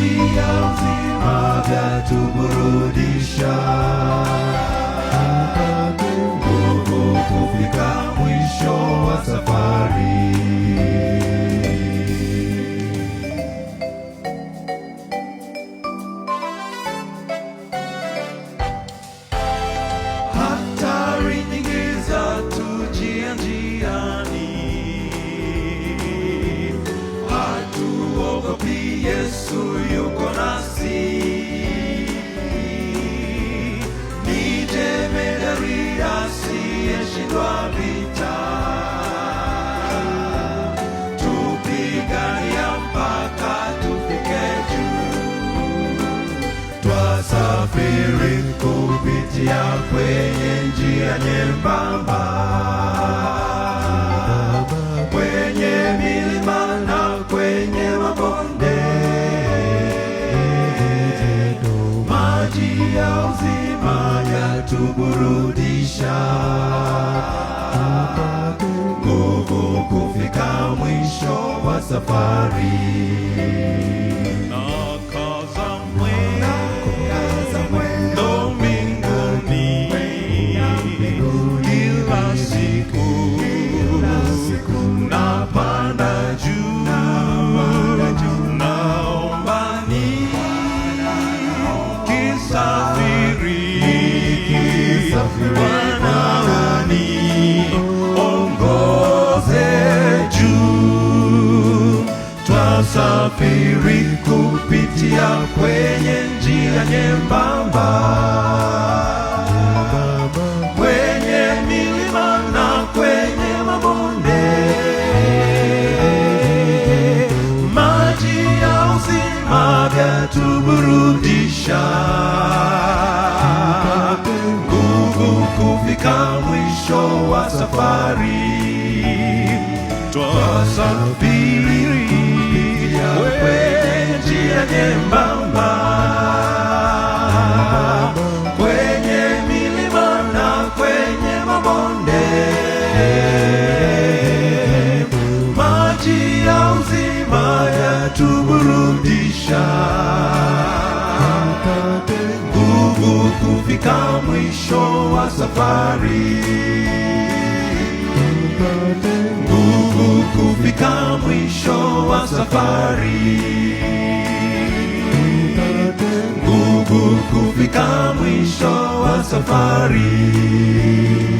njia uzima vyatuburudisha kusafiri kupitia kwenye njia nyembamba, kwenye milima na kwenye mabonde, maji ya uzima yatuburudisha, nguvu kufika mwisho wa safari. safiri kupitia kwenye njia nyembamba, kwenye milima na kwenye mabonde, maji ya uzima yatuburudisha. Tumefika mwisho wa safari, twasafiri kwenye njia nyembamba, kwenye milima na kwenye mabonde, maji ya uzima yatuburudisha kufika mwisho wa safari, nguvu kufika mwisho wa safari, nguvu kufika mwisho wa safari.